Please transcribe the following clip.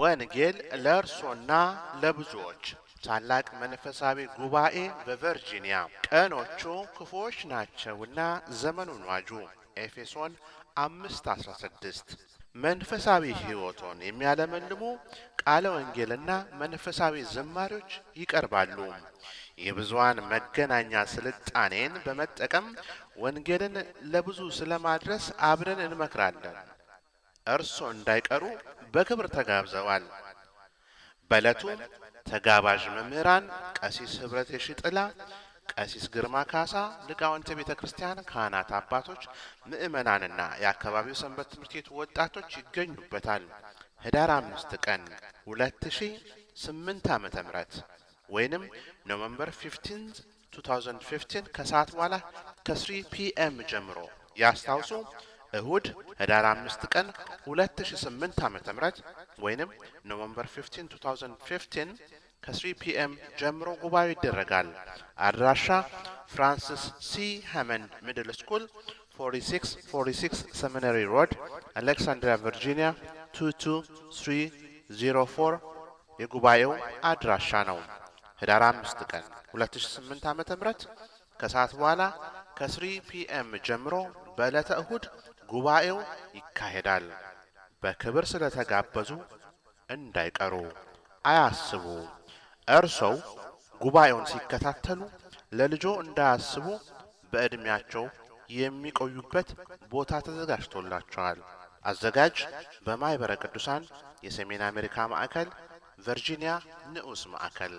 ወንጌል ለእርሶና ለብዙዎች ታላቅ መንፈሳዊ ጉባኤ በቨርጂኒያ። ቀኖቹ ክፉዎች ናቸውና ዘመኑን ዋጁ። ኤፌሶን 516 መንፈሳዊ ሕይወቶን የሚያለመልሙ ቃለ ወንጌልና መንፈሳዊ ዝማሪዎች ይቀርባሉ። የብዙሃን መገናኛ ስልጣኔን በመጠቀም ወንጌልን ለብዙ ስለማድረስ አብረን እንመክራለን። እርሶ እንዳይቀሩ በክብር ተጋብዘዋል። በዕለቱም ተጋባዥ መምህራን ቀሲስ ህብረት የሽጥላ፣ ቀሲስ ግርማ ካሳ፣ ሊቃውንተ ቤተ ክርስቲያን፣ ካህናት አባቶች፣ ምእመናንና የአካባቢው ሰንበት ትምህርት ቤቱ ወጣቶች ይገኙበታል። ህዳር አምስት ቀን ሁለት ሺ ስምንት ዓመተ ምህረት ወይንም ኖቨምበር 15 2015 ከሰዓት በኋላ ከ3 ፒኤም ጀምሮ ያስታውሱ እሁድ ህዳር 5 ቀን 2008 ዓ.ም ወይም ኖቨምበር 15 ከ3 ፒኤም ጀምሮ ጉባኤ ይደረጋል። አድራሻ ፍራንሲስ ሲ ሀመን ሚድል ስኩል 4646 ሰሚናሪ ሮድ አሌክሳንድሪያ ቨርጂኒያ 22304 የጉባኤው አድራሻ ነው። ህዳር 5 ቀን 2008 ዓ.ም ከሰዓት በኋላ ከ3 ፒኤም ጀምሮ በዕለተ እሁድ ጉባኤው ይካሄዳል። በክብር ስለ ተጋበዙ እንዳይቀሩ አያስቡ። እርሰው ጉባኤውን ሲከታተሉ ለልጆ እንዳያስቡ በዕድሜያቸው የሚቆዩበት ቦታ ተዘጋጅቶላቸዋል። አዘጋጅ በማኅበረ ቅዱሳን የሰሜን አሜሪካ ማዕከል ቨርጂኒያ ንዑስ ማዕከል